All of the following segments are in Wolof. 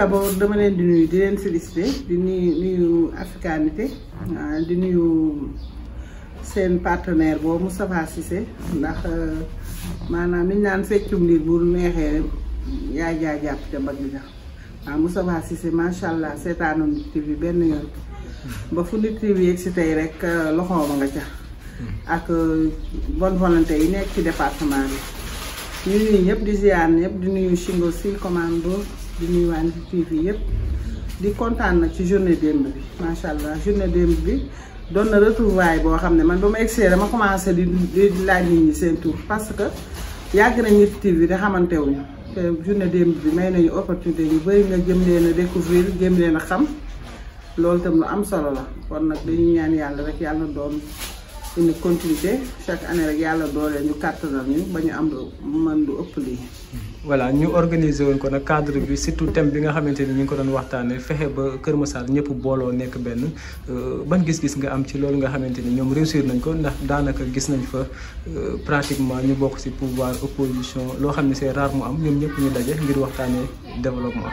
d'abord voudrais nuyu di leen félicité di nuyu africanité di partenaire Moussa Moustapha Cissé ndax euh, maanaam liñ naan feccum liir bu neexee yaay jaay la Cissé allah seetaanu Lutte TV benn yoon ba fu Lutte TV yegg rek euh, nga ca ak euh, bonne volonté yi département nuyu di di nuyu waa Ndindy TV yëpp di kontaan nag ci journée démb bi macha allah journée démb bi doon na retrouvaille boo xam ne man ba ma egsee dama commencé di di laaj nit ñi seen tur parce que yàgg nañ Ndindy TV te xamante wuñu te journée démb bi may nañu opportunité yu bëri nga jëm leen a découvrir jëm leen na xam loolu tam lu am solo la kon nag dañuy ñaan yàlla rek yàlla doom une continuité chaque année rek yalla doore ñu ñu bañu am voilà ñu organiser woon ko cadre bi surtout thème bi nga xamante ni ñu doon waxtaanee fexe ba Kër ñëpp booloo nekk benn euh, ban gis-gis nga am ci loolu nga réussir nañ ko ndax daanaka gis nañ euh, pratiquement ñu pouvoir opposition c'est rare mu am ñu ngir développement.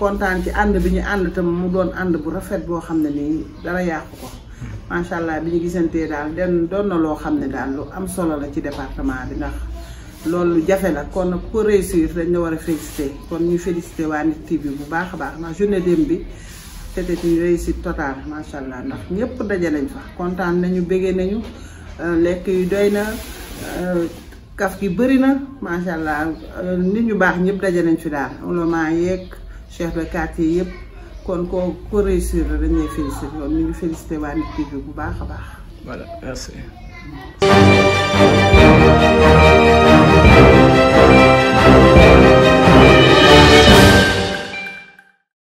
kontaan ci ànd bi ñu ànd tam mu doon ànd bu rafet boo xam ne nii dara yàqu ko macha allah bi ñu gisantee daal den doon na loo xam ne daal lu am solo la ci département bi ndax loolu jafe la kon ku réussir dañ la war a félicité kon ñu félicité waa Nit TV bu baax a baax ndax journée démb bi c'était une réussite totale macha allah ndax ñëpp daje nañ fa kontaan nañu bëggee nañu euh, lekk yi doy na euh, kaf gi bëri na macha allah euh, nit ñu baax ñëpp daje nañ fi daal olomaa yeeg. chef de quartier yëpp kon koo ko réussir la dañ lay félicité loolu ñu ngi félicité waa Nitte TV bu baax a baax. voilà merci.